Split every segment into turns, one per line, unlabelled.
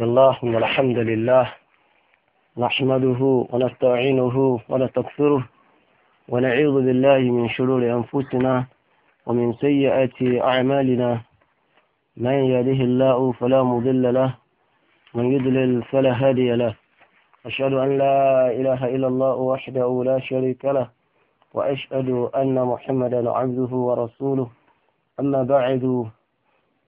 الله الحمد لله نحمده ونستعينه ونستغفره ونعوذ بالله من شرور أنفسنا ومن سيئات أعمالنا من يهده الله فلا مضل له من يضلل فلا هادي له أشهد أن لا إله إلا الله وحده لا شريك له وأشهد أن محمدا عبده ورسوله أما بعد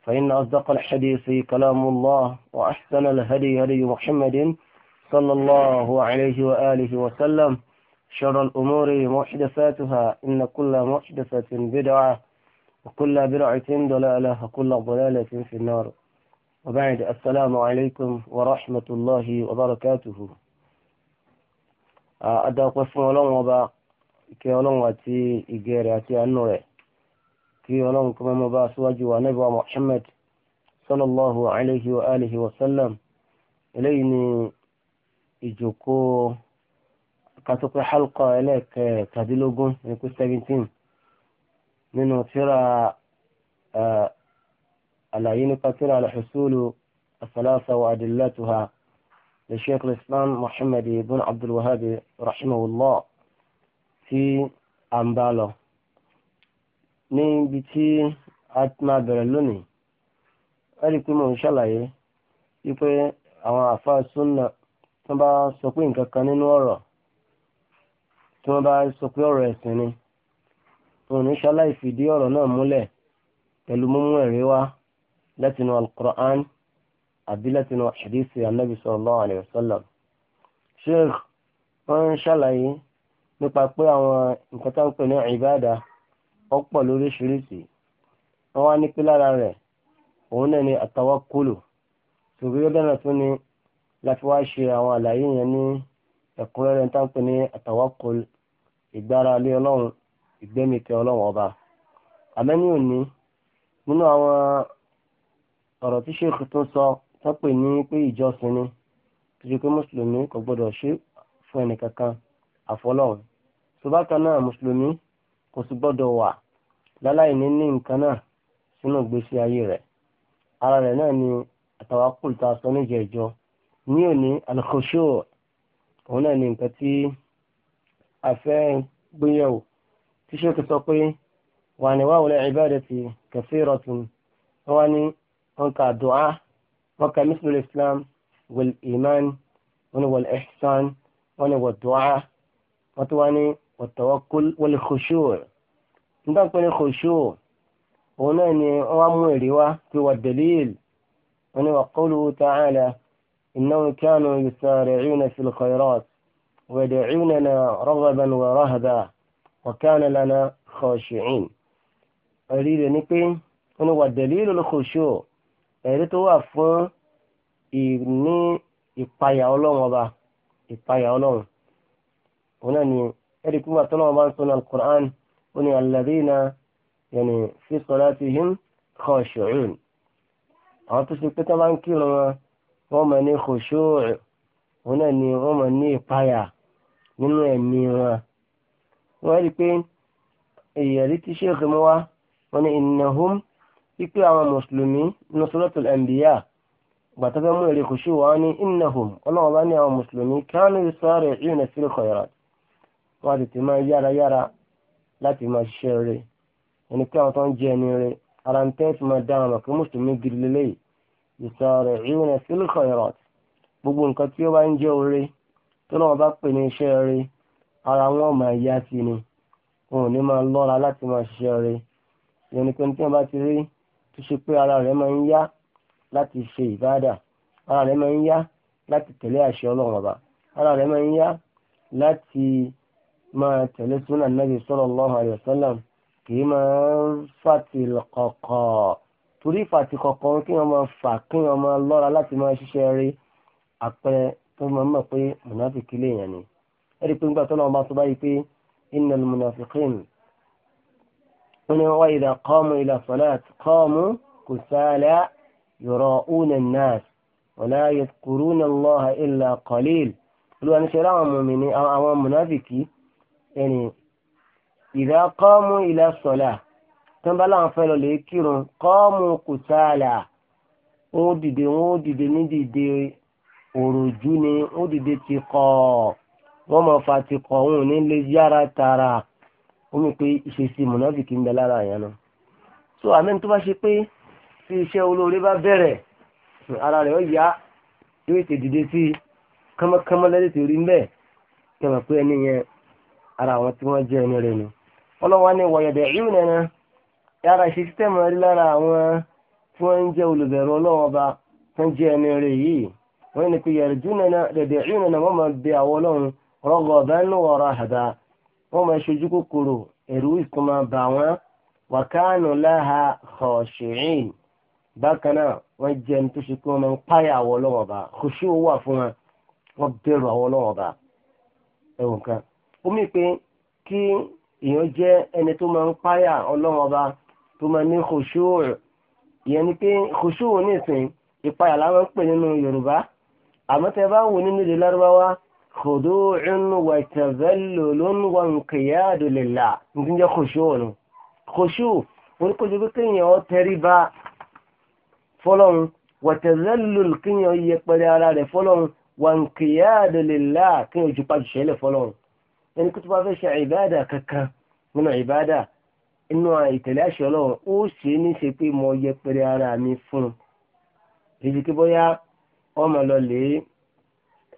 فإن أصدق الحديث كلام الله وأحسن الهدي هدي محمد صلى الله عليه وآله وسلم شر الأمور محدثاتها إن كل محدثة بدعة وكل بدعة ضلالة وكل ضلالة في النار وبعد السلام عليكم ورحمة الله وبركاته آه، أدعو قسم ولون وبا كي الله واتي إجيري أتي النور kí ọlọ́run kọ́ mọ́ bá síwájú wa nẹ́bí wa Muhammad sallallahu alayhi wa alihi wa sallam eléyìí ni ìjòkó katope halqa ẹlẹ́ẹ̀kẹtàdínlógún ní pé seventeen nínú tíra àlàyé nípa tíra al-husulu as-salasa wa adillatuha li sheikh al-islam ibn abdulwahabi rahimahullah tí à ń n'i tí a máa bẹ̀rẹ̀ lónìí ẹ rí i pé mo ń ṣàlàyé wípé àwọn àfáà súnà bá sọ pé nǹkan kan nínú ọ̀rọ̀ tí wọ́n bá sọ pé ọ̀rọ̀ ẹ̀sìn ni wọn ní ṣaláì fìdí ọ̀rọ̀ náà múlẹ̀ pẹ̀lú mímú ẹ̀rí wá látinú àbí wọ́n ń ṣàlàyé nípa pé àwọn nǹkan tá ń ọ̀pọ̀ lóríṣiríṣi wọ́n wá ní pé lára rẹ̀ òun náà ni àtàwákkùlù ṣùgbọ́n bẹ́ẹ̀ náà tún ni láti wá ṣe àwọn àlàyé yẹn ní ẹ̀kúnrẹ́rẹ́ tá ń pè ní àtàwákkùl ìgbára lé ọlọ́run ìgbẹ́mìkẹ́ ọlọ́run ọba àmẹ́ni òní nínú àwọn ọ̀rọ̀ tí sheikh tún sọ tó ní pé ìjọsìn ni tó ṣe pé mùsùlùmí kò gbọdọ̀ ṣe fún ẹnìkankan àfọlọ́run ṣùgbọ́n kan náà mùsùlùmí kò sì gbọdọ̀ wà láláì ní ní nǹkan náà sínú ìgbésí ayé rẹ̀ ara rẹ̀ náà ni àtàwákùl tá a sọ níjẹ ìjọ ní òní alkhushu òun náà ni nǹkan tí a fẹ́ gbéyàwó tí ṣéèkì sọ pé wà ní wàhùn ibadati kathiratun wọn ni wọn kà du'a wọn kà mislu islam wal iman wọn ni wal ihsan wọn ni wal du'a wọn ti wá ní wat tawakkul wal nígbà pé ní khushu òun náà ni wọ́n mú èrè wá pé wà dalil wọ́n ni wa qawluhu ta'ala innahum kanu yusari'una fil khayrat ويدعوننا رغبا ورهبا وكان لنا خاشعين ẹ̀rí rẹ̀ ni pé wọ́n wà dẹ̀lílù lókòṣó ẹ̀rí tó wà fún ìní ìpayà ọlọ́run ọba ìpayà ọlọ́run òun náà ni ẹ̀rí pé wà tọ́lọ́run bá ń sọ ní alukur'an ó ní alladhina yẹnì fi salatihim khashu'un àwọn tó ṣe pé tó máa ń kírun wọn wọ́n máa ní khushu' òun náà ni wọ́n máa ní ìpayà nínú ẹ̀mí wọn wọ́n rí i pé èyàrí tí sheikh mú wá wọ́n ní innahum ipe àwọn mùsùlùmí nínú suratul anbiya gbàtọ́fẹ́ mú èrè khushu' wọn ní innahum ọlọ́wọ́n bá ní àwọn mùsùlùmí kánú yusari'una fil khayrat wọ́n ti ti máa yára yára láti máa ṣiṣẹ́ rẹ̀ ẹni pé àwọn tó ń jẹ ẹni rẹ̀ ara ń tẹ́ ti máa dáhùn àmọ́ pé mùsùlùmí gidi lélẹ́yìí ìsọ̀rọ̀ ìrìnà fil khairat gbogbo nǹkan tí ó bá ń jẹ́ oore tó náà bá pè ní iṣẹ́ oore ara wọn máa yá sí ni wọn ò ní máa lọ́ra láti máa ṣiṣẹ́ oore ìyẹn pé tí bá ti rí tó ṣe pé ara rẹ̀ máa ń yá láti ṣe ìbáàdà ara rẹ̀ máa ń yá láti tẹ̀lé àṣẹ ọlọ́run ọba ara rẹ̀ máa ń yá láti máa tẹ̀lé súnà nàbì sallallahu alaihi wasallam kì í máa ń fàtìkọ̀kọ̀ torí fàtìkọ̀kọ̀ kí wọ́n máa fà kí wọ́n máa lọ́ra láti máa ṣiṣẹ́ rí àpẹẹrẹ tó máa mọ̀ pé mùnàfíkì léèyàn ni ẹ̀rí pé nígbà tó lọ́wọ́ bá tó báyìí pé innal munafiqin wọ́n ní wa idha qamu ila salat qamu kusala yura'una an-nas wa la yadhkuruna Allaha illa qalil olùwàníṣẹ́ láwọn mùnàfíkì ẹni ìdá kọ́mú ila sọ̀lá tó ń bá láwọn fẹ́ lọ lè kírun kọ́mú kùtàlà ó dìde wọn ó dìde ní dìde òròjú ni ó dìde ti kọ́ wọ́n mọ̀ fa ti kọ́ òun ní lè yára tààrà ó mú pé ìṣesí mùnáfìkì ń bẹ lára àyàn náà so àmì tó bá ṣe pé tí iṣẹ́ olóore bá bẹ̀rẹ̀ ara rẹ̀ ó yá yóò tètè dìde sí kánmọ́kánmọ́ lẹ́yìn tó rí ń bẹ̀ kẹmọ̀ pé ẹni yẹn ara àwọn tí wọ́n jẹ́ ẹni rẹ̀ nù ọlọ́wọ́n ni wọ̀yẹ̀dẹ̀ ìlú nẹ̀nà yàrá ṣe sítẹ́mù rí lára àwọn tí wọ́n ń jẹ́ olùbẹ̀rù ọlọ́wọ́n ọba tó ń jẹ́ ẹni rẹ̀ yìí wọ́n ní pé yẹ̀rẹ̀ jù nẹ̀nà dẹ̀dẹ̀ ìlú nẹ̀nà wọ́n máa bẹ àwọn ọlọ́run rọ́gọ̀ ọ̀bẹ ń wọ̀ ọ̀rọ̀ àdá wọ́n máa ṣojú kòkòrò ẹ̀rú ìkùnmọ̀ bà wọ́n wàkánù láha khashi'in bákan náà wọ́n jẹ́ ẹni tó ṣe pé wọ́n máa ń páyà àwọn ọlọ́wọ́n ọba kò sí owó wà wọn wọ́n bẹ̀rù àwọn ọlọ́wọ́n ọba ẹ̀wọ̀n kan ó mì pé kí èèyàn jẹ́ ẹni tó máa ń páyà ọlọ́run ọba tó máa ní khushu' ìyẹn ni pé khushu' nísìn ìpayà làwọn ń pè nínú yorùbá àmọ́ tẹ́ bá wò nínú èdè lárúbáwá khudu'un wa tazallulun wa inqiyadu lillah ní jẹ́ khushu' nù khushu' oníkojú pé kéèyàn tẹríba fọlọ́run wa tazallul kéèyàn yẹpẹrẹ ara rẹ̀ fọlọ́run wa inqiyadu lillah kéèyàn jù pàjùṣẹ́lẹ̀ ẹni kó tó bá fẹ́ ṣe ibada kankan nínú ìbáàdà inú ìtẹ̀lé àṣẹ ọlọ́run ó ṣe ní ṣe pé mo yẹpẹrẹ ara mi fún un èyí kí bóyá ọmọ lọ lè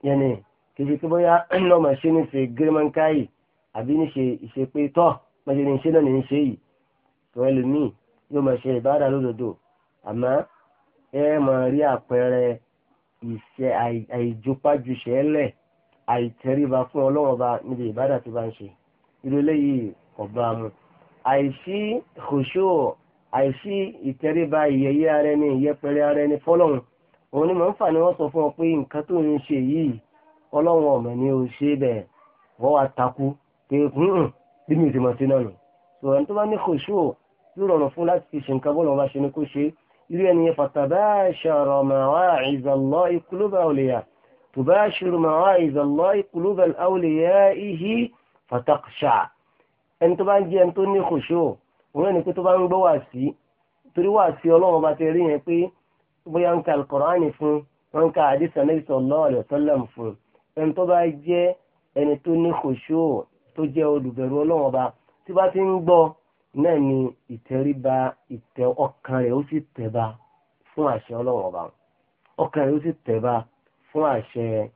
yẹnì kìí kí bóyá ńlọ mà ṣe ní ṣe gírímọ̀nkáyì àbí ní ṣe ìṣe pé tọ́ mọ̀ṣẹ́ ní ṣe náà ní ṣe yìí tó ẹlòmíì yóò máa ṣe ìbáàdà lódodo àmọ́ ẹ máa rí àpẹẹrẹ ìṣe àìjọpájúṣe ẹlẹ́ẹ̀ àìtẹríba fún ọlọ́wọ́ bá níbi ìbádà tí bá ń ṣe irú eléyìí ọba mu àìsí khushu àìsí ìtẹríba ìyẹyẹ ara ẹni ìyẹpẹrẹ ara ẹni fọlọ́run òun ni mò ń fà ní wọ́n sọ fún ọ pé nǹkan tó ń ṣe yìí ọlọ́run ọ̀mọ̀ ni ó ṣe bẹ́ẹ̀ wọ́n wá takú pé hùn bí mi ò ti mọ̀ sí náà nù sọ̀rọ̀ ní tó bá ní khushu yóò rọrùn fún láti fi ṣe nǹkan bọ́ọ̀lù ọba ṣe ni kó ṣe irú ẹni yẹn fatabashara mawa'iz Allahi quluba awliya tubashiru mawa'iz Allahi quluba awliya'ihi fataqsha ẹni tó bá ń jẹ́ ẹni tó ní kòṣó òun ẹni pé tó bá ń gbọ́ wà sí torí wà sí ọlọ́run ọba ti rí yẹn pé bóyá ń ka alukoraani fún wọn ka hadith Ànábì sallallahu alaihi wasallam fún ẹni tó bá jẹ́ ẹni tó ní kòṣó tó jẹ́ olùbẹ̀rù ọlọ́run ọba tí bá ti ń gbọ́ náà ni ìtẹríba ìtẹ ọkàn rẹ̀ ó sì tẹ̀ba fún àṣẹ ọlọ́run ọba ọkàn rẹ̀ ó sì tẹ̀ba fún àṣẹ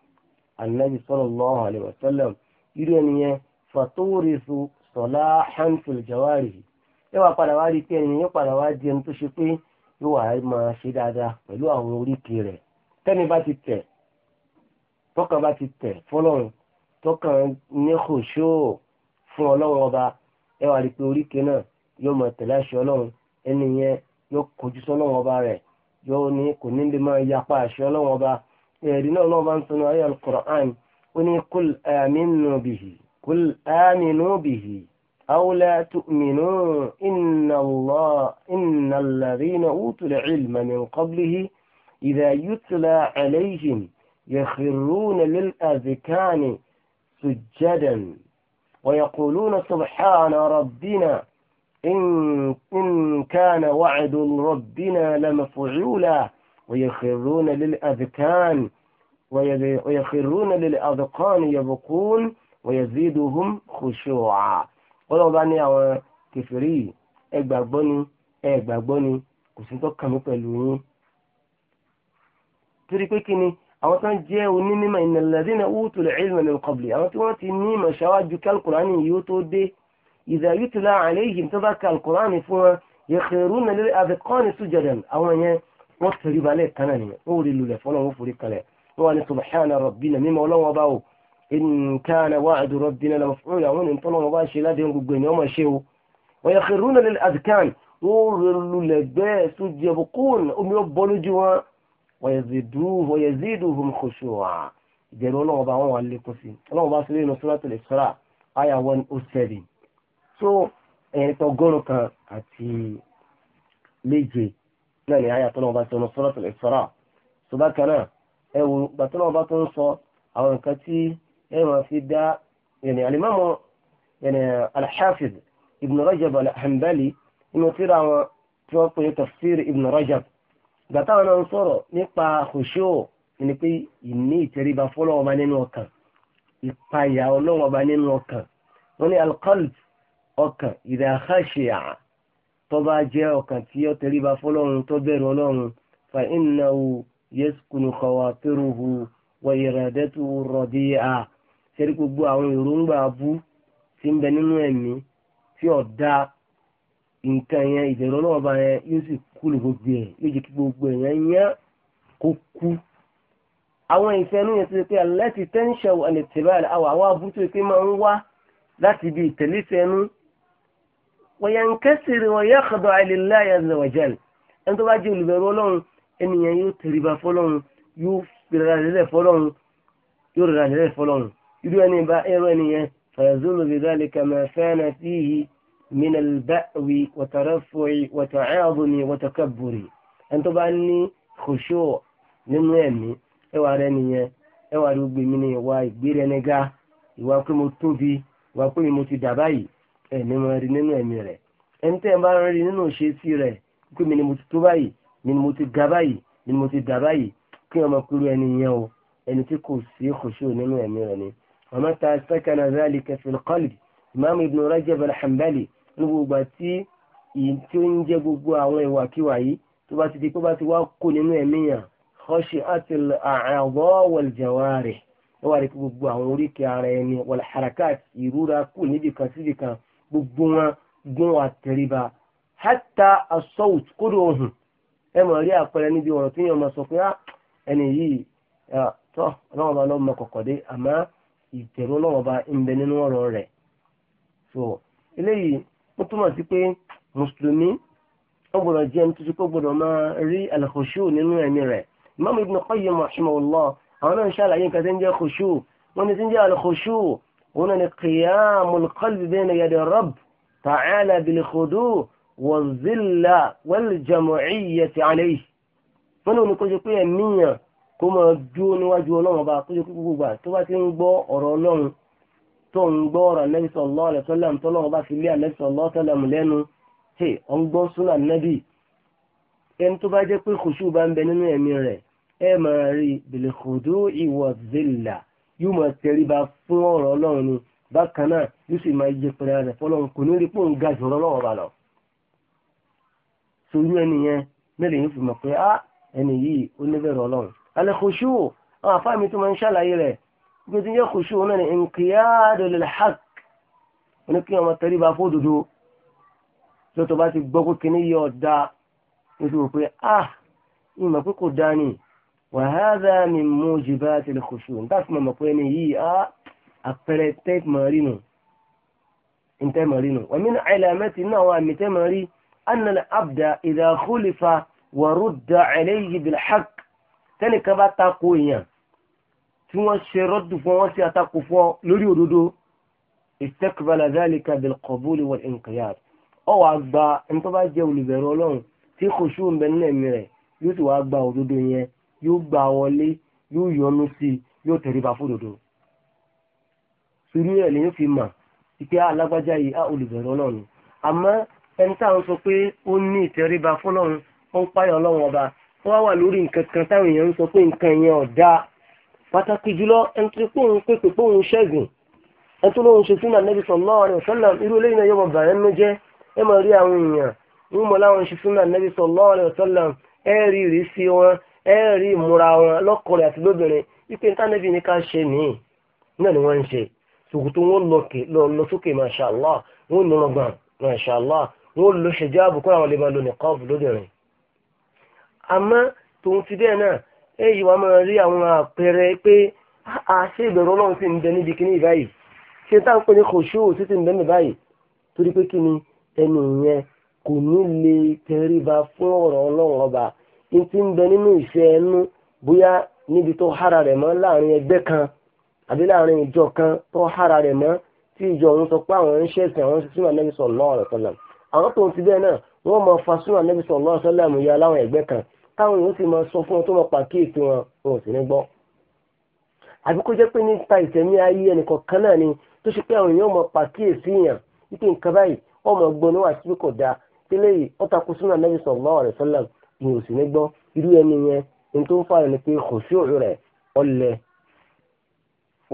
anabi sallallahu alayhi wa sallam irú ẹni yẹn fàtórìsù sọlá hanfil jawari yóò wá padà wá rí pé ẹni yóò padà wá di ẹni tó ṣe pé yóò wá máa ṣe dáadáa pẹ̀lú àwọn oríkèé rẹ̀ tẹ́ni bá ti tẹ̀ tọ́kàn bá ti tẹ̀ fọlọ́run tọ́kàn ní kòṣó fún ọlọ́run ọba ẹ wá rí pé oríkèé náà yóò máa tẹ̀lé àṣẹ ọlọ́run ẹni yóò kojú sọ́lọ́run ọba rẹ̀ yóò ní kò ní lè máa yapa àṣẹ ọlọ́run ọba يرينا الله بانسنا أي القرآن وني قل آمنوا به قل آمنوا به أو لا تؤمنوا إن الله إن الذين أوتوا العلم من قبله إذا يتلى عليهم يخرون للأذكان سجدا ويقولون سبحان ربنا إن كان وعد ربنا لمفعولا ويخرون للأذكان ويخرون للأذقان يبقون ويزيدهم خشوعا ọlọ́run bá ní كفري kẹfìrí ẹgbàgbọ́ ni ẹgbàgbọ́ ni kò sí tó kàn mí pẹ̀lú yín torí pé kí ni àwọn tó ń jẹ́ onímọ̀ ìnàlẹ́dínà wútu ilma min qabli àwọn tí wọ́n ti ní ìmọ̀ ṣáwájú kálkùránì yóò tó dé idha yutla alayhim tó bá kálkùránì fún wọn yakhruna lil adqani sujadan àwọn yẹn wọ́n tẹ̀lé balẹ̀ kan náà nìyẹn ó rí lulẹ̀ fọlọ́ wọn forí kalẹ̀ wọ́n wà ní subahana rabbina mímọ́ ọlọ́wọ́n bá o nǹkan wà àdùn rabbina lọ́wọ́ fún ìyàwó ní tọ́lọ́ wọn bá ṣe ládéhùn gbogbo ènìyàn máa ṣe o wọ́n yẹ kẹrù náà lẹ́lẹ́ adìkan wọ́n rí lulẹ̀ bẹ́ẹ̀ sójú ẹ̀bù kún omi ó lójú náà ní àyà tọ́lọ́wọ́ bá ti ọ̀nà sọ́rọ́ tẹ̀lé sọ́ra ṣùgbọ́n kan náà ẹ wo gbàtọ́lọ́wọ́ bá tó ń sọ àwọn nǹkan tí ẹ máa fi dá yẹnì alimami yẹnì alḥafiz ibn rajab alhambali inú tíra àwọn tí wọ́n pè é tafsir ibn rajab gbàtàwọn náà ń sọ̀rọ̀ nípa khushu ni pé ìní ìtẹríba fọlọ́wọ́ bá nínú ọkàn ìpayà ọlọ́wọ́ bá nínú ọkàn wọ́n ní alqalb ọkàn idha khashi'a tó bá jẹ́ ọkàn tí ó tẹríba fọlọ́run tó bẹ̀rù ọlọ́run fa innahu yaskunu khawatiruhu wa iradatuhu radi'a ṣẹ́rí gbogbo àwọn èròǹgbà abú tí ń bẹ nínú ẹ̀mí tí ọ̀dà nǹkan yẹn ìbẹ̀rù ọlọ́run bá yẹn yóò sì kú lè gbogbo ẹ̀ yóò jẹ́ kí gbogbo ẹ̀ yẹn kó kú àwọn ìfẹ́ yẹn ti pé alẹ́ ti tẹ́ńṣẹ̀ àlẹ́tẹ̀bẹ́ àwọn àbúrò tó yẹ pé máa ń wá láti ibi ìtẹ̀lẹ́fẹ́ inú وينكسر ويخضع لله عز وجل ẹni tó bá jẹ́ olùbẹ̀rù ọlọ́run ènìyàn yóò tẹríba fọlọ́run yóò rẹ̀ra lẹ́lẹ̀ fọlọ́run yóò rẹ̀ra lẹ́lẹ̀ fọlọ́run irú ẹni bá ẹrọ ẹnìyẹn fayazulu bidhalika ma kana fihi min al-ba'wi wa tarafu'i wa ta'adumi wa takabburi ẹni tó bá ní kòṣó nínú ẹ̀mí ẹwà rẹ nìyẹn ẹwà rẹ gbèmí ni ìwà ìgbéra ẹni ga ìwà pé mo tóbi ìwà pé mo ti dà báyìí ẹni máa rí nínú ẹ̀mí rẹ̀ ẹni tẹ́ ẹ bá rí nínú ìṣesí rẹ̀ pé mi ni mo ti tó báyìí mi ni mo ti ga báyìí mi ni mo ti dà báyìí kí ọmọ kúrú ẹni yẹn o ẹni tí kò sí khushu nínú ẹ̀mí rẹ̀ ni. ọmọ ta sakana zalika fil qalbi imaamu ibn rajab alhambali ní gbogbo àti ìyí tí ó ń jẹ́ gbogbo àwọn ìwàkiwà yìí tó bá ti di pé bá ti wá kó nínú ẹ̀mí yàn khashi'at al-a'dha wal wọ́n wà ní gbogbo àwọn oríkèé ara ẹni wal ìrúra kù níbi kan gbogbo wọn gún àtẹríba hátà asọ́wùt kódò ohun ẹ mọ̀ rí àpẹẹrẹ níbi ọ̀rọ̀ tí yẹn máa sọ pé ah, ẹni yìí tọ́ ọlọ́wọ́ bá lọ́mọ kọ̀kọ̀ dé àmọ́ ìtẹ̀rù ọlọ́wọ́ bá ń bẹ nínú ọ̀rọ̀ rẹ̀ so eléyìí ó túmọ̀ sí pé mùsùlùmí ó gbọ́dọ̀ jẹ́ ẹni tó ti kó gbọ́dọ̀ máa rí àlàkòṣù nínú ẹ̀mí rẹ̀ Imam Ibn Qayyim rahimahullah àwọn náà ń ṣàlàyé nǹkan tí ń jẹ́ kòṣù wọ́n ní ń jẹ́ àlàkòṣù òun náà ni qiyamul qalbi bayna yadi rabb ta'ala bil khudu' wa zilla wal jam'iyyati alayhi wọ́n ní oníkójú pé ẹ̀míyàn kó máa dúró níwájú ọlọ́run ọba kójú pé gbogbo gbà tó bá ti ń gbọ́ ọ̀rọ̀ ọlọ́run tó ń gbọ́ ọ̀rọ̀ Ànábì sallallahu alaihi wasallam tọ́lọ́run bá fi lé Ànábì sallallahu alaihi wasallam lẹ́nu tè ọ̀ ń gbọ́ súnà Ànábì ẹni tó bá jẹ́ pé kòṣù bá ń bẹ nínú ẹ̀mí rẹ̀ ẹ máa rí bil khudu'i wa zilla yóò máa tẹríba fún ọ̀rọ̀ ọlọ́run ni bákan náà yóò sì máa yẹ pẹ̀lẹ́ rẹ̀ fọlọ́run kò ní rí pòun ga jù ọ̀rọ̀ ọlọ́run ọba lọ. sojú ẹni yẹn mẹ́rin yóò fi mọ̀ pé á ah, ẹni yìí ó níbẹ̀rẹ̀ ọlọ́run. alẹ́ kòṣù àwọn afá mi tó máa ń ṣàlàyé rẹ̀ bí o ti yẹ kòṣù náà ní nkìyàdù lil haqq ní kí ọmọ tẹríba fódodo tó tó bá ti gbọ́ pé kíní وهذا من موجبات الخشوع تعرف ما مقوين هي أبرتك مارينو انت مارينو ومن علامات أنه أمت ماري أن العبد إذا خلف ورد عليه بالحق تلك باتقويا tí wọ́n ṣe rọ́dù fún wọ́n ṣe àtakò fún ọ lórí òdodo istakbala dhalika bilqabuli wal inqiyad ọ wà gba ẹni tó bá jẹ́ olùbẹ̀rù ọlọ́run tí kò ṣú ń bẹ nínú ẹ̀mí rẹ̀ yóò sì wá gba òdodo yẹn yóò gbà wọlé yóò yọnu sí yóò tẹríba fódodo sùúrù rẹ̀ lèyìn fi mà ìpè alágbájá yìí á olùbẹ̀rẹ̀ ọlọ́run àmọ́ ẹni táwọn sọ pé ó ní ìtẹríba fọlọ́run ó ń páyọ̀ ọlọ́run ọba wọ́n wà lórí nǹkan kan táwọn èèyàn ń sọ pé nǹkan yẹn ọ̀dá pàtàkì jùlọ ẹni tó pé òun pépè pé òun ṣẹ́gun ẹni tó lóun ṣe súnà nẹ́bí sallallahu alaihi wasallam irú eléyìí náà yóò mọ̀ bàrẹ́ nínú jẹ́ ẹ mọ̀ rí àwọn èèyàn ń mọ̀ láwọn ṣe súnà nẹ́bí sallallahu alaihi wasallam ẹ rí ìrísí wọn e ri ìmúra wọn lọ́kùnrin àti lóbìnrin wípé ntánẹ́bì ni ká ṣe nìyí náà ni wọ́n ń ṣe ṣòkòtò wọn lọ sókè màṣàlá wọn nírọ̀gbọ̀n wọn lọ ṣèjáàbù kó àwọn lè máa lò ní kọ́ọ̀bù lóbìnrin. àmọ́ tòun ti bẹ́ẹ̀ náà ẹ yìí wàá máa rí àwọn àpẹẹrẹ pé àṣẹ ìbẹ̀rù ọlọ́run sì ń bẹ níbi kíní ìbáyìí ọba n ti ń bẹ nínú ìfẹ́ ẹnu bóyá níbi tó hára rẹ̀ mọ́ láàrin ẹgbẹ́ kan àbí láàrin ìjọ kan tó hára rẹ̀ mọ́ tí ìjọ òun sọ pé àwọn ń ṣẹ̀sìn àwọn ṣe súnmọ́ nẹ́bí sallallahu alaihi wasallam àwọn tó ń ti bẹ́ẹ̀ náà mọ fa súnmọ́ nẹ́bí sallallahu alaihi ya láwọn ẹgbẹ́ kan táwọn yóò sì mọ sọ fún tó mọ pàkíyèsí wọn wọn ò sì ní gbọ́ àbí kó jẹ́ pé ayé ẹnìkan kan náà ni tó ṣe pé àwọn ni ò sì ní gbọ́ irú ẹni yẹn ní tó ń fà ní pé kòṣù rẹ̀ ọlẹ̀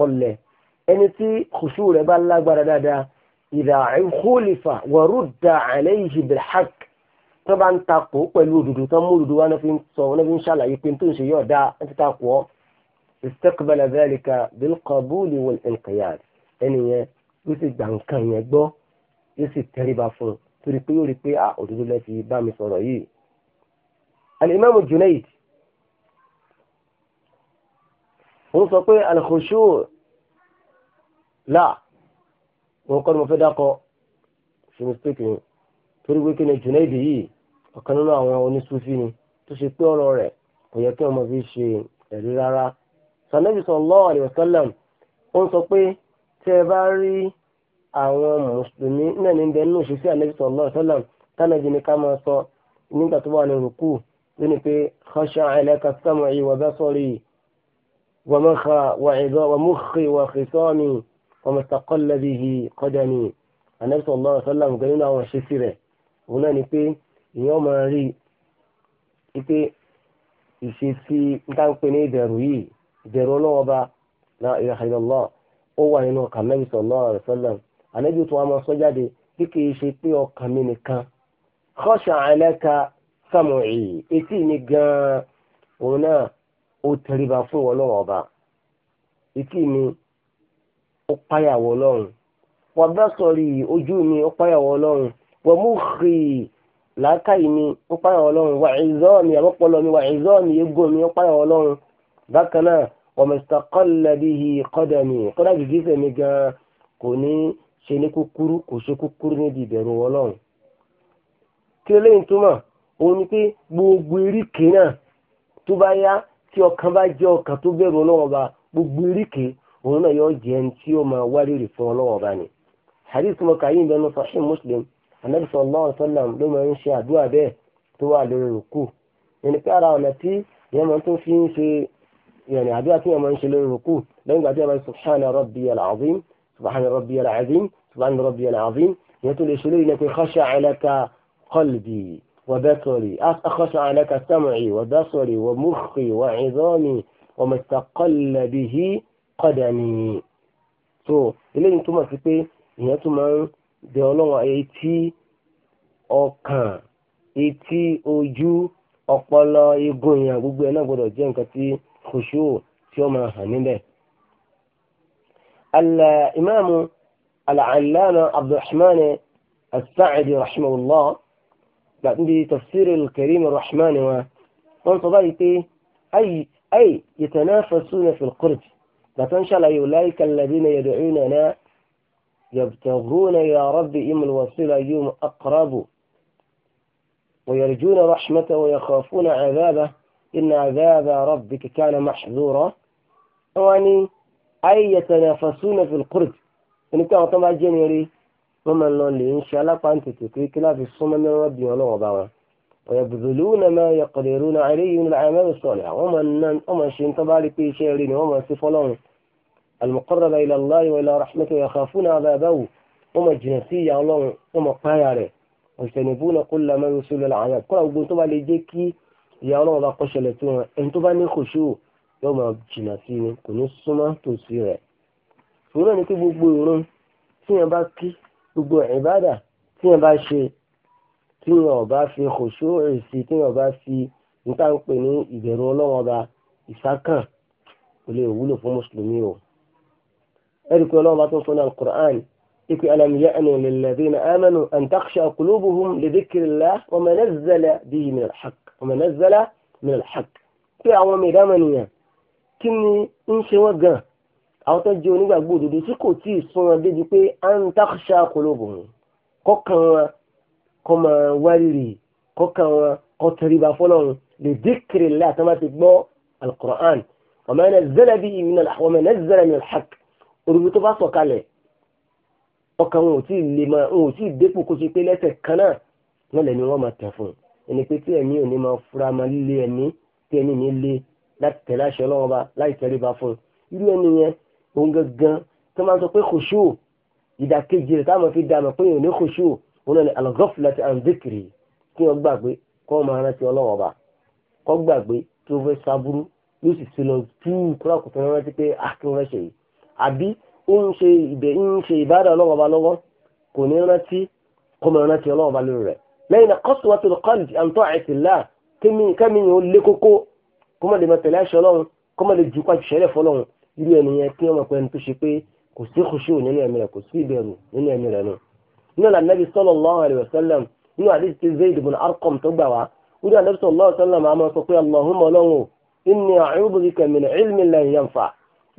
ọlẹ̀ ẹni tí kòṣù rẹ̀ bá lágbára dáadáa ìdá ìkólìfà wọ̀rú da àlẹ́yìí bilhaq tó bá ń takò pẹ̀lú òdòdó tó ń mú òdòdó wá náà fi ń sọ náà fi ń ṣàlàyé pé tó ń ṣe yọ̀ọ̀dá ń ti takò ọ́ istakbala dhalika bilqabuli wal inqiyad ẹni yẹn yóò sì gbà nǹkan yẹn gbọ́ yóò sì tẹríba fún un torí pé yóò rí i pé ah, òdòdó lẹ́ fi bá mi sọ̀rọ̀ yìí alimami Junaid wọ́n sọ pé alkhushu la wọ́n kọ́ ni mo fẹ́ dákọ̀ ṣe mistake ni torí pé kí ni Junaid yìí ọ̀kan nínú àwọn onísúfí ni tó ṣe pé ọ̀rọ̀ rẹ̀ kò yẹ kí ọmọ fi ṣe ẹ̀rí rárá sanabi sallallahu alayhi wa sallam ó ń sọ pé tẹ́ ẹ bá rí àwọn mùsùlùmí náà ní bẹ́ẹ̀ nínú òṣìṣẹ́ anabi sallallahu alayhi wa sallam tánàbí ni ká máa sọ nígbà tó wà ní rúkú nínú pé khasha alaka sam'i wa basari wa maha wa ìzọ wa mukhi wa khisami wa mustaqalla bihi qadami anabi sallallahu alaihi wa sallam gan nínú àwọn ṣẹ́sì rẹ̀ òun náà ni pé ìyẹn ọmọ rí i pé ìṣesí ntánpé ní ìbẹ̀rù yìí ìbẹ̀rù ọlọ́wọ́ba la ilaha illallah ó wà nínú ọkàn Ànábì sallallahu alaihi wasallam ànábì tó wà máa sọ jáde bí kì í ṣe pé ọkàn mi nìkan sàmùí etí mi gan-an òun náà ó tẹríba fún ọlọ́run ọba etí mi ó páyàwó ọlọ́run wọ́n bá sọ̀rí ojú mi ó páyàwó ọlọ́run wọ́n mú xì làákàyè mi ó páyàwó ọlọ́run wà ìzọ́ mi àbọ̀pọ̀lọ mi wà ìzọ́ mi egbò mi ó páyàwó ọlọ́run bákan náà wọ́n mustaqalla bihi qadami kọ́dà gìgísẹ̀ mi gan-an kò ní ṣe ní kúkúrú kò ṣe kúkúrú níbi ìbẹ̀rù ọlọ́run kí lóyún túmọ̀ òun ni pé gbogbo eríkèé náà tó bá yá tí ọkàn bá jẹ́ ọkàn tó bẹ̀rù ọlọ́wọ́n ba gbogbo eríkèé òun náà yóò jẹ́ ẹni tí ó máa wárìrì fún ọlọ́wọ́n ba ni. hadith mo kà yín bẹnu sahih muslim anabi sallallahu alayhi wa sallam ló máa ń ṣe àdúrà bẹ́ẹ̀ tó wà lórí rùkù ẹni pé ara ọ̀nà tí ìyẹn máa tó fi ń ṣe يعني عبيات ما ينشل الركوع لين بعدها سبحان ربي العظيم سبحان ربي العظيم سبحان ربي العظيم يتول يشلي لك خشع لك قلبي وبصري أخشع لك سمعي وبصري ومخي وعظامي وما استقل به قدمي so eléyìí túmọ̀ sí pé ìyẹn tún máa ń bẹ ọlọ́run etí ọkàn etí ojú ọpọlọ egun èèyàn gbogbo ẹ̀ náà gbọ́dọ̀ jẹ́ nǹkan tí khushu tí ó máa hàn níbẹ̀. al-imam al-allama abdulrahman as-sa'di بعدين بتفسير الكريم الرحمن و وقال فضائق أي, أي يتنافسون في القرب لا تنشل أي أولئك الذين يدعوننا يبتغون يا رب إم الوصل أيهم أقرب ويرجون رحمته ويخافون عذابه إن عذاب ربك كان محذورا يعني أي يتنافسون في القرب إن كان طبعا الجنوري wọ́n máa ń lọ lè ń ṣe alápáǹtètè pé kí láfi súnmọ́ mẹ́wọ́n bí wọn lọ́wọ́ bá wọn. ọ̀yà bùdùlù náà máa yẹ kọ̀dẹ̀rú náà àìrí yìí náà àmẹ́rin sọ̀rọ̀ àwọn máa ṣe ń tọ́ bá rí pé iṣẹ́ rẹ̀ ni wọ́n máa ṣe fọ́lọ́run. al-muqarraba ila Allahi wa ila rahmatihi yakhafuna adhabahu wọ́n máa jìnà sí wọ́n máa páyà rẹ̀ ìyá ọlọ́run bá máa jìnà gbogbo ìbádà tí wọn bá ṣe tí wọn bá fi kòṣó èsì tí wọn bá fi níta ń pè ní ìbẹ̀rù ọlọ́wọ́n ọba ìsákàn kò lè wúlò fún mùsùlùmí o. ẹ̀rí pé ọlọ́wọ́n bá tó fún ní alukur'an ikú alam ya'ni lilladhina amanu an takhsha qulubuhum li dhikrillah wa ma nazzala pé àwọn ọmọ ìdámọ̀ kí ni ń ṣe wọ́n gan-an àwọn tó jẹ́ onígbàgbọ́ òdodo tí kò tí ì sún wọn débi pé à ń táṣà kólóbù wọn kọ́kàn wọn kọ́ máa wárìrì kọ́kàn wọn kọ́ tẹríba fọlọ́run lè dékèrè lẹ́yìn àti wọn ti gbọ́ alukur'an ọmọ ẹni zẹlẹ bíi ìmìnà àwọn ẹni zẹlẹ ní alhaq orúkọ tó bá sọ kalẹ̀ ọkàn wọn ò tí ì lè máa wọn ò tí ì dépò kó ṣe pé lẹ́sẹ̀ kan náà wọn lẹ́ni wọn máa tẹ̀ fún un ẹni pé tí ẹ̀mí ò ní máa fura máa líle ẹ̀mí tí ẹ̀mí ní lé láti tẹ̀lé àṣẹ ọlọ́wọ́ bá láì tẹ̀lé fún un irú ẹni yẹn òun gangan tó máa ń sọ pé kòṣù ìdàkejì rẹ̀ táwọn fi dàmọ̀ pé èèyàn ní kòṣù òun náà ni al-ghaflati an dhikri kí wọ́n gbàgbé kọ́ máa rántí ọlọ́wọ́ bá kọ́ gbàgbé ah, kí wọ́n fẹ́ sábúrú yóò sì sí lọ túù kúrò kò tó rántí pé àkí wọ́n ṣe yìí àbí ó ń ṣe ìbẹ̀ ń ṣe ìbáàdà ọlọ́wọ́ bá lọ́wọ́ kò ní rántí kọ́ máa rántí ọlọ́wọ́ bá lórí rẹ̀ lẹ́yìn náà qaswatul qalbi an ta'atillah kẹ́mi yẹn ó lé kókó kọ́mọ̀lẹ́mọ̀tẹ̀lẹ́ àṣẹ ọlọ́run kọ́mọ̀lẹ́ jù pàṣẹ ṣẹlẹ̀ irú ẹnìyẹn kí wọn pẹ́ ní tó ṣe pé kò sí kòṣó nínú ẹ̀mí rẹ̀ kò sí ìbẹ̀rù nínú ẹ̀mí rẹ̀ nù. nínú ọ̀la nẹ́bí sallallahu alaihi wasallam nínú àdéhùn ti Zayd ibn Arqam tó gbà wá nínú àdéhùn sallallahu alaihi wasallam àmọ́ sọ pé Allahumma ọlọ́run o inni a'udhu bika min ilmin la yanfa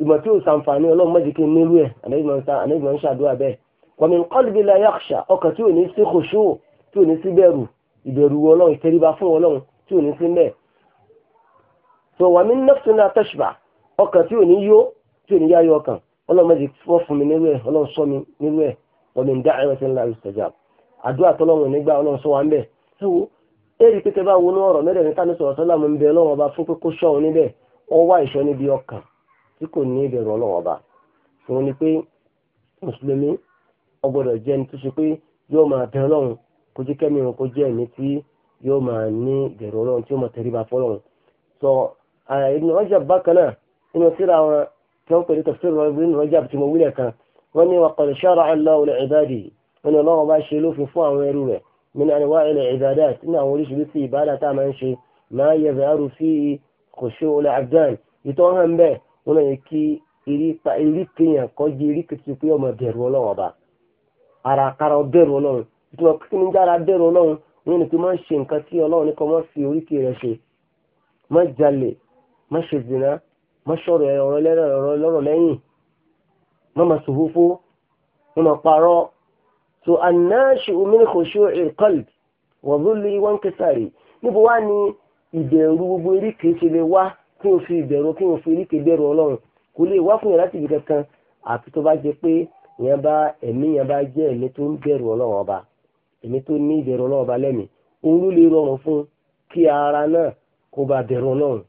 ìmọ̀ tí o sàǹfààní ọlọ́run mọ́jì kí n nílùú ẹ̀ àdéhùn ń ṣàdúrà bẹ́ẹ̀ wa min qalbi la yakhsha ọkàn tí ò ní sí kòṣó ọkàn tí ò ní yó tí ò ní yá yọ ọkàn ọlọ́run mẹ́jì wọ́n fún mi nírú ẹ̀ ọlọ́run sọ mi nírú ẹ̀ wọ́n mi ń dá ẹ̀rọ̀sẹ̀ ńlá ìṣẹ̀jà àdúrà tọ́lọ́run nígbà ọlọ́run sọ wa ń bẹ̀ ẹ wo èrì pé tẹ́lá wo ní ọ̀rọ̀ mẹ́rẹ̀ẹ̀rin sọ̀rọ̀ sọ́lá ń bẹ ọlọ́run ọba fún pé kó sọ níbẹ̀ ọ wá ìṣọ́ níbi ọkàn tí kò ní ìbẹ̀rù ọlọ́run ọba fún ni pé mùsùlùmí ọgbọ́dọ̀ nínú síra wọn tí wọ́n pẹ̀lú tafsir ibn Rajab tí mo wílẹ̀ kan wọ́n ní waqad shara'a Allahu li ibadihi wọ́n ní ọlọ́wọ́ bá ṣe lófin fún àwọn ẹrú rẹ̀ min anwa'il ibadat nínú àwọn oríṣiríṣi ìbádà tá a máa ń ṣe ma yazharu fihi khushu'ul abdan ìtọ́ hàn bẹ́ẹ̀ wọ́n náà yẹ kí eríkèèyàn kọjú eríkètì pé ọmọ bẹ̀rù ọlọ́run ọba ara kára bẹ̀rù ọlọ́run ìtumọ̀ kí ni dára bẹ̀rù ọlọ́run wọn ni pé máa ń ṣe nǹkan tí ọlọ́run nìkan máa fi má sọ̀rọ̀ ọ̀rọ̀ lọ́rọ̀ lẹ́yìn má má sòfófó má má parọ́ so anáṣe omínú kò ṣe ìkọlù wọ́n ló lé wọ́n kẹsàrè níbo wá ní ìbẹ̀rù gbogbo eríkèé ṣe lè wá kí n fi ìbẹ̀rù kí n fi eríkèé bẹ̀rù ọlọ́run kò lè wá fún yàrá láti ibi kankan àfi tó bá jẹ pé yẹn bá ẹ̀mí yẹn bá jẹ́ ẹ̀mí tó ń bẹ̀rù ọlọ́run ọba ẹ̀mí tó ní ìbẹ̀rù ọlọ́run ọba lẹ́mìí òun ló lè rọrùn fún kí ara náà kó bá bẹ̀rù ọlọ́run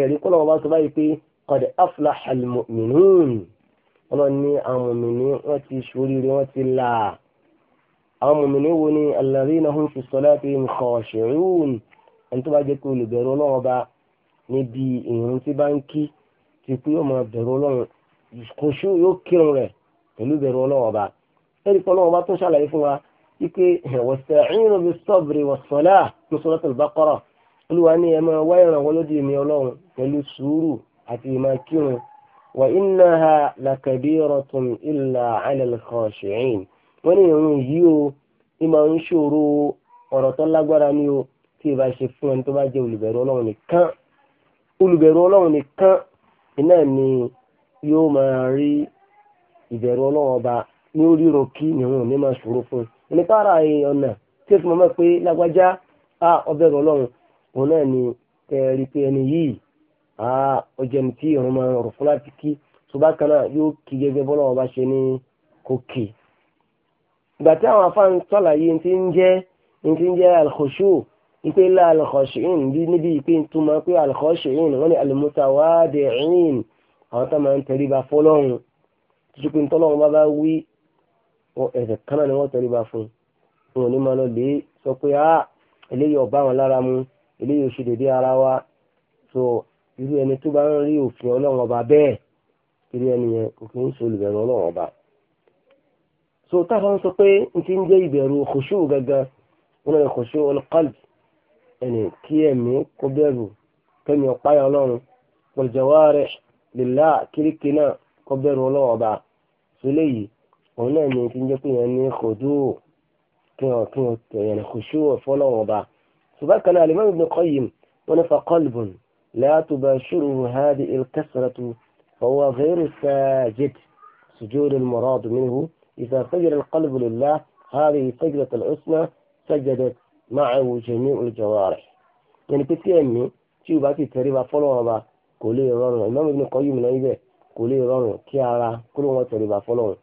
ẹ̀rí kọ́lọ̀ wọn bá sọ báyìí pé qad aflaha al-mu'minun ọlọ́run ní àwọn mùmìnì wọ́n ti ṣoríire wọ́n ti là àwọn mùmìnì wo ni alladhina hum fi salatihim khashi'un ẹni tó bá jẹ́ pé olùbẹ̀rù ọlọ́run ọba níbi ìrun tí bá ń kí ti pé yóò máa bẹ̀rù ọlọ́run kò ṣú yóò kírun rẹ̀ pẹ̀lú bẹ̀rù ọlọ́run ọba ẹ̀rí kọ́lọ̀ wọn bá ṣàlàyé fún wa wípé wasta'inu bis sabri was pẹ̀lú sùúrù àti ìmọ̀ kírun wa innaha lakabiratun illa ala al-khashi'in wọ́n ní ìrun yìí o ìmọ̀ ń ṣòro ọ̀rọ̀ tó lágbára ni o tí ìbá ṣe fún ẹni tó bá jẹ́ olùbẹ̀rù ọlọ́run nìkan olùbẹ̀rù ọlọ́run nìkan iná ni yóò máa rí ìbẹ̀rù ọlọ́run ọba ní orí rọ̀kí ni ní máa ṣòro fún un nípara ọ̀nà tí ó fi mọ̀ pé lágbájá ọbẹ̀rù ọlọ́run òun náà ni tẹ̀rí pé ẹni yìí ó jẹ́ ní tí ìrún máa ń rò fún láti kí tó bá kan náà yóò kí gẹ́gẹ́ bọ́lá ọba ṣe ní kókè. ìgbà tí àwọn afáàn sọ̀làyé ti ń jẹ́ ti ń jẹ́ alkhoshu ipe ńlá alkhoshin níbi ìpè tó máa pé alkhoshin wọ́n ní alimutawadi'in àwọn tó máa ń tẹríba fọlọ́run tó ṣe pé ń tọ́lọ́run bá bá wí ẹ̀sẹ̀ kan náà ni wọ́n tẹríba fún un wọn ò máa lọ lè sọ pé ah eléyìí ọba wọn lára mu eléyìí oṣù dédé ara wa so irú ẹni tó bá ń rí òfin ọlọ́run ọba bẹ́ẹ̀ irú ẹni yẹn kò kí ń so olùbẹ̀rù ọlọ́run ọba. so táwọn ń sọ pé n ti ń jẹ́ ìbẹ̀rù khushu gangan wọn lè khushu al-qalb ẹni kí ẹ̀mí kó bẹ̀rù kẹ́mi ọ̀páyà ọlọ́run wal jawarih lillah kíríkì náà kó bẹ̀rù ọlọ́run ọba so léyìí òun náà ni ti ń jẹ́ pé yẹn ní khudu kí wọn kí wọn tẹ̀yẹ̀ لا تباشره هذه الكسرة فهو غير ساجد سجود المراد منه إذا سجد القلب لله هذه سجدة العصمة سجدت معه جميع الجوارح يعني كتير أمي tí o bá ti tẹ̀rí ba fọ́lọ́run ọba kò lè rọrùn ìmọ̀mù Ibn Qayyim náà ibẹ̀ kò lè rọrùn kí ara kó ló wọn tẹ̀rí ba fọ́lọ́run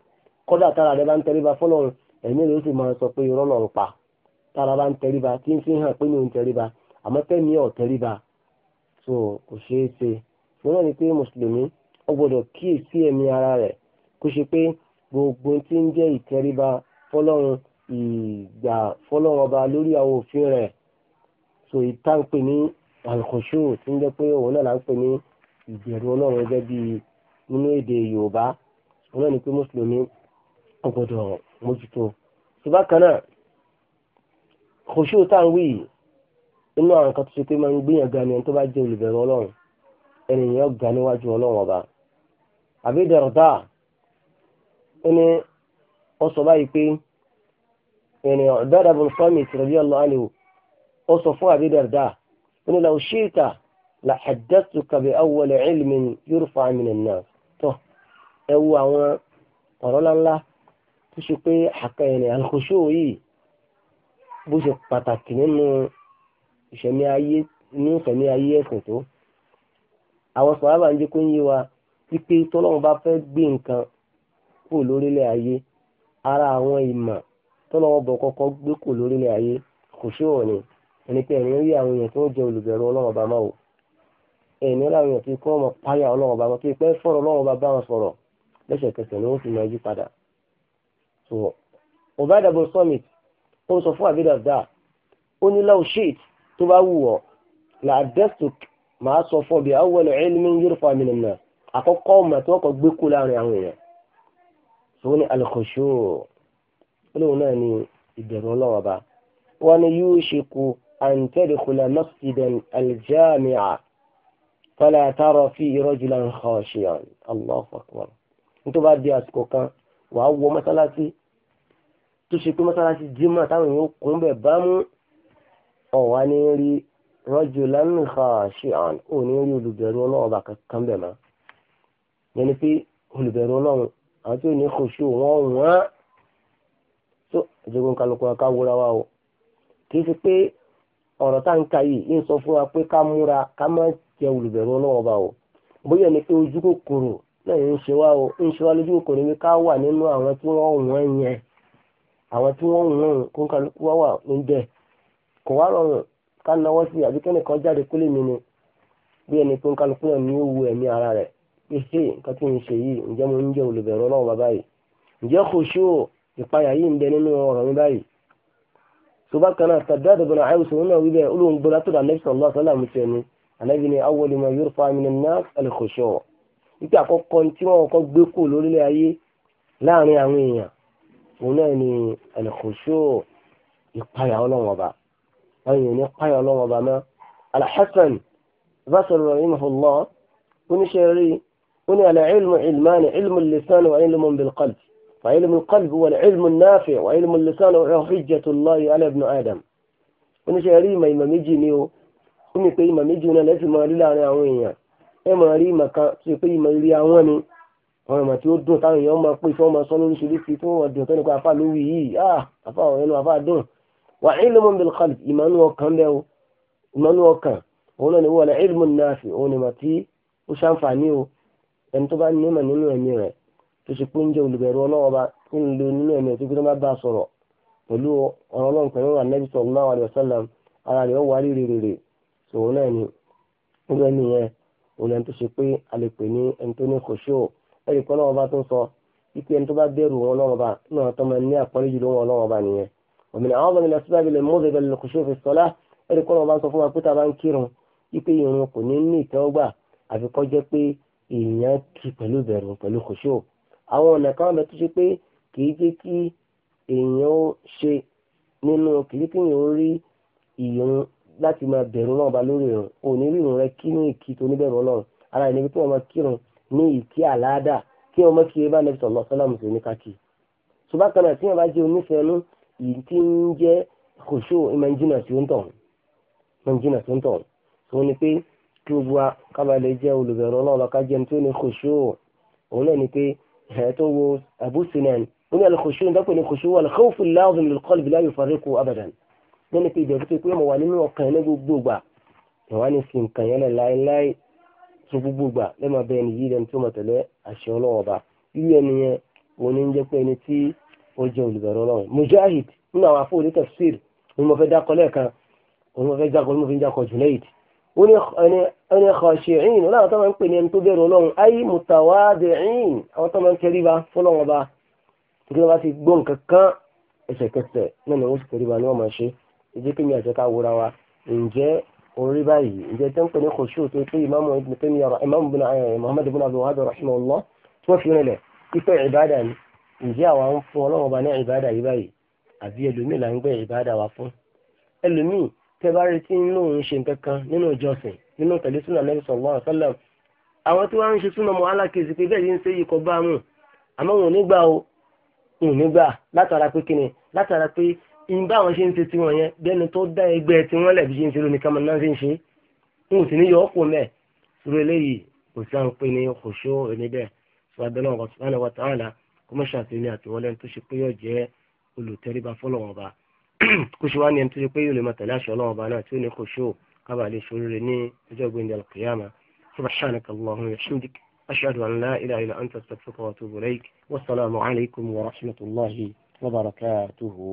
kódà tára rẹ bá ń tẹ̀rí ba fọ́lọ́run ẹ̀mí rẹ ó sì máa sọ pé irọ́ lọ́run pa tára bá ń tẹ̀rí ba tí ń fi hàn pé mi ò ń tẹ̀rí ba àmọ́ tẹ́mi ọ̀ tẹ̀rí ba so kò ṣeé ṣe fún náà ni pé mùsùlùmí ó gbọ́dọ̀ kíyèsí ẹ̀mí ara rẹ̀ kó ṣe pé gbogbo tí ń jẹ́ ìtẹríba fọlọ́run ìgbà fọlọ́run ọba lórí àwọn òfin rẹ̀ so ìta ń pè ní àlùkòṣó tí ń jẹ́ pé òun náà là ń pè ní ìbẹ̀rù ọlọ́run gẹ́gẹ́ bí nínú èdè yorùbá òun náà ni pé mùsùlùmí ó mójútó ṣùgbọ́n kan náà kòṣó tá à ń wí yìí inú àwọn kan tó ṣe pé máa ń gbìyàn ga ni ẹni tó bá jẹ́ olùbẹ̀rù ọlọ́run ènìyàn ga níwájú ọlọ́run ọba àbí dẹ̀rọ̀dá ó ní ó sọ báyìí pé ènìyàn dáadáa bọ̀ fún mi ìtìrọ̀bí ọlọ́run àlè ó sọ fún àbí dẹ̀rọ̀dá ó ní làwọn ṣíìtà làḥàdẹ́tùkà bí awọlẹ̀ ìlmi yorùfà àmìnà náà tó ẹ wo àwọn ọ̀rọ̀ ńláńlá tó ṣe pé àkàyẹ̀ni àlùkòṣó yìí bó ṣe pàtàkì nínú ìṣẹ̀mí ayé ní ìṣẹ̀mí ayé ẹ̀sìn tó àwọn sọ̀rọ̀ ń jẹ́ kó ń yé wa wípé tọ́lọ́run bá fẹ́ gbé nǹkan kò lórílẹ̀ ayé ara àwọn ìmọ̀ tọ́lọ́run bọ̀ kọ́kọ́ gbé kò lórílẹ̀ ayé kò ṣe òní ẹni pé ẹ̀rín rí àwọn èèyàn tó ń jẹ olùbẹ̀rù ọlọ́run ọba máa wò ẹ̀rín rí àwọn èèyàn tó kọ́ ọmọ páyà ọlọ́run ọba tó pẹ́ fọ̀rọ̀ ọlọ́run ọba bá wọn sọ̀rọ̀ lẹ́sẹ̀kẹsẹ̀ ni wọ́n ti máa yí padà. ọ̀bá ìdàbọ̀ summit ó sọ fún àbídàdà ó ní láwùṣẹ́ẹ̀tì tó bá wù ọ́ la adestuk máa sọ fún ọbẹ̀ awọ́lẹ̀ ẹ̀lmi yorùbá mi nìyẹn náà àkọ́kọ́ ọmọ tí wọ́n kọ́ gbé kú láàrin àwọn èèyàn tó ní alikọ̀ṣó olóhùn náà ní ìbẹ̀rù ọlọ́wọ́n bá wọn ni yóò ṣe kú àǹtẹ̀dẹ̀kùlà masjidan aljami'a fala tara fi rajulan khashiyan allahu akbar nítorí bá di àsìkò kan wàá wọ mọ́sálásí tó ṣe pé mọ́sálásí jimá táwọn èèyàn kún bẹ̀ bá mú ọ̀wá ní rí rajulan khashi'an ò ní rí olùbẹ̀rù ọlọ́run ọba kankan bẹ̀ mọ́ yẹn ni pé olùbẹ̀rù ọlọ́run àwọn tí ò ní khushu wọn wọ́n tó ìjọba kálukú wa ká wúra wa o kì í ṣe pé ọ̀rọ̀ tá ń ka yìí ń sọ fún wa pé ká múra ká má jẹ olùbẹ̀rù ọlọ́run o bóyá ni pé ojú kòkòrò náà ń ṣe wá o ń ṣe wá lójú kòkòrò ni ká wà nínú àwọn tí wọ́n wọ́n yẹn àwọn tí wọ́n wọ́n kó kálukú wa wà ń kò wá rọrùn ká náwó sí àbí kẹ́nìkan jáde kúlé mi ni bí ẹni pé nkálukú náà ní owó ẹ̀mí ara rẹ̀ pé ṣé nǹkan tí ń ṣe yìí ǹjẹ́ mo ń jẹ́ olùbẹ̀rù ọlọ́run bàbá yìí ǹjẹ́ kò ṣó ìpayà yìí ń bẹ nínú ọ̀rọ̀ mi báyìí. ṣùgbọ́n kan náà tàbí àdàbọ̀ náà àìsàn náà wí bẹ́ẹ̀ olóhùn gbọ́dá tó dà nẹ́bí sọ̀rọ̀ sọ́lá mi tẹ̀ ni ànábì ni awọ́lẹ̀ mọ yorùbá mi náà ẹlẹ́kọ̀ṣọ́ wípé àkọ́kọ́ tí wọ́n kọ́ gbé kù lórílẹ̀ ayé láàrin àwọn èèyàn òun náà ni ẹlẹ́kọ̀ṣọ́ ìpayà ọlọ́run ọba àwọn èèyàn ní páyọ̀ ọlọ́run ọba mọ́ alhassan basir rahimahullah oníṣẹ́ rí oní alẹ́cílmù ilmani ilmu lisan wa ilmu bilqalb wa ilmu qalb wa ilmu nafi wa ilmu lisan wa hujjatullahi ala ibnu adam oníṣẹ́ rí ìmọ̀ ìmọ̀ méjì ni o ó ní pé ìmọ̀ méjì náà lẹ́sìn máa rí láàrin àwọn èèyàn ẹ máa rí ìmọ̀ kan tó yẹ pé ìmọ̀ rí àwọn ni àwọn ìmọ̀ tí ó dùn táwọn èèyàn máa pè fún ọmọ sọ lóríṣiríṣi tí wọ́n dùn tó ní pé lówì yìí ah, àfa ọ̀rẹ́ nu àfa dùn wà ilmun bil qalb ìmọ̀nù ọkàn bẹ́ẹ̀ o ìmọ̀nù ọkàn òun náà ni wọ́n ilmun nafi òun ni mà tí ó ṣàǹfààní o ẹni tó bá ní mà nínú ẹ̀mí rẹ̀ tó ṣe pé ń jẹ́ olùbẹ̀rù ọlọ́wọ́ba ń lo nínú ẹ̀mí ẹ̀tí tó bá bá sọ̀rọ̀ pẹ̀lú ọ̀rọ̀ ọlọ́run pẹ̀lú ànábì sallallahu alaihi wasallam ara rẹ̀ ó wà rí rèrè sòun náà ni ó bẹ́ẹ̀ nìyẹn òun ẹni tó ṣe pé a lè pè ní ẹni tó ní kòṣó ẹ̀rì kan náà ọba tó ń sọ wípé ẹni tó bá bẹ̀rù wọn lọ́wọ́ bá náà tó máa ní àpọ́nlé jùlọ wọn lọ́wọ́ bá nìyẹn ومن أعظم الأسباب الموجبة للخشوع الصلاة ẹ̀rí kọ́ ló bá ń sọ fún wa pé tá a bá ń kírun wípé irun kò ní ní ìtẹ́wọ́gbà àfi kọ́ jẹ́ pé èèyàn kí pẹ̀lú bẹ̀rù pẹ̀lú khushu àwọn ọ̀nà kan bẹ tó ṣe pé kì í jẹ́ kí èèyàn ó ṣe nínú kì í jẹ́ kí èèyàn ó rí ìrun láti máa bẹ̀rù náà bá lórí irun ò ní rí irun rẹ kí ní ìkí tó níbẹ̀rù ọlọ́run ara ìnibí tí wọ́n máa kírun ní ìkí àláàdà kí wọ́n máa kí ebá nẹ́bí sọ̀lọ́ sọ́lámù sí oníkàkì ṣùgbọ́n kan náà tí wọ́n bá jẹ́ onífẹ́ẹ́nú yìí tí ń jẹ́ kòṣó ìmọ̀jìnà tí ó ń tàn ìmọ̀jìnà tí ó ń tàn tó ní pé kí gbogbo akábalẹ̀ jẹ́ olùbẹ̀rù Abu Sinan ó ní alùkòṣó ń dápẹ́ ní kòṣó wà lọ́kọ́fù láàbùn lọ́kọ́lù bíláyò faríkù abadan lẹ́nu pé ìbẹ̀rù tó pé mo wà nínú ọkàn yẹn gbogbo gbà ìwà ni fi nǹkan yẹn láéláé tó gbogbo gbà lẹ́mọ̀ bẹ́ẹ̀ ni yí lẹ́nu tó mọ̀ tẹ̀lé ó jẹ́ olùbẹ̀rù ọlọ́run mujahid nínú àwọn afọ onítafsir òun mo fẹ́ dákọ lẹ́ẹ̀kan òun mo fẹ́ jákọ òun mo fi ń jákọ junaid ó ní ẹni khashi'in ọlọ́run tó máa ń pè ní ẹni tó bẹ̀rù ọlọ́run ayé mutawadi'in àwọn tó máa ń tẹríba fọlọ́run ọba tó kí wọ́n bá ti gbọ́ nǹkan kan ẹsẹ̀kẹsẹ̀ náà ni wọ́n sì tẹríba ni wọ́n máa ṣe ẹjẹ́ kí ni àjẹká wúra wa ǹjẹ́ orí báyìí ǹjẹ́ ǹjẹ́ àwa ń fún ọlọ́run ọba ní ìbáàdà yìí báyìí àbí ẹlòmíì là ń gbé ìbáàdà wa fún ẹlòmíì tẹ́ bá retí lóun ṣe nǹkan kan nínú ìjọsìn nínú tẹ̀lé súnà Nábì sallallahu alaihi wasallam àwọn tí wọ́n ń ṣe súnà mọ́ alákèsí pé bẹ́ẹ̀ yìí ń ṣe yìí kọ́ bá mú àmọ́ wọn ò ní gbà o wọn ò ní gbà látara pé kíni látara pé ìgbà àwọn ṣe ń ṣe tiwọn yẹn bẹ́ẹ̀ni tó dá ẹgbẹ́ tiwọn lẹ̀ bí ṣe ń ṣe lónìí kàmá náà ṣe ń ṣe wọn sì ní yọ ọ́ pọ̀ sùrù eléyìí kò sí à ń pè ní kòṣó ẹni bẹ́ẹ̀ sọ abẹ́ náà wọ́n ti wá ní wọ́n ti wá ní kó mọ̀ ṣàtìní àti wọn lẹ́nu tó ṣe pé yóò jẹ́ olùtẹ́ríba fọlọ́wọ́n ọba kó ṣe wá ní ẹni tó ṣe pé yóò lè máa tẹ̀lé àṣọ ọlọ́wọ́n ọba náà tí ó ní kò ṣó kábàá lè ṣoríire ní ọjọ́ ìgbéǹde alqiyama subhanaka allahumma wa bihamdik ashhadu an la ilaha illa anta astaghfiruka wa atubu ilaik wassalamu alaykum wa rahmatullahi wa barakatuhu.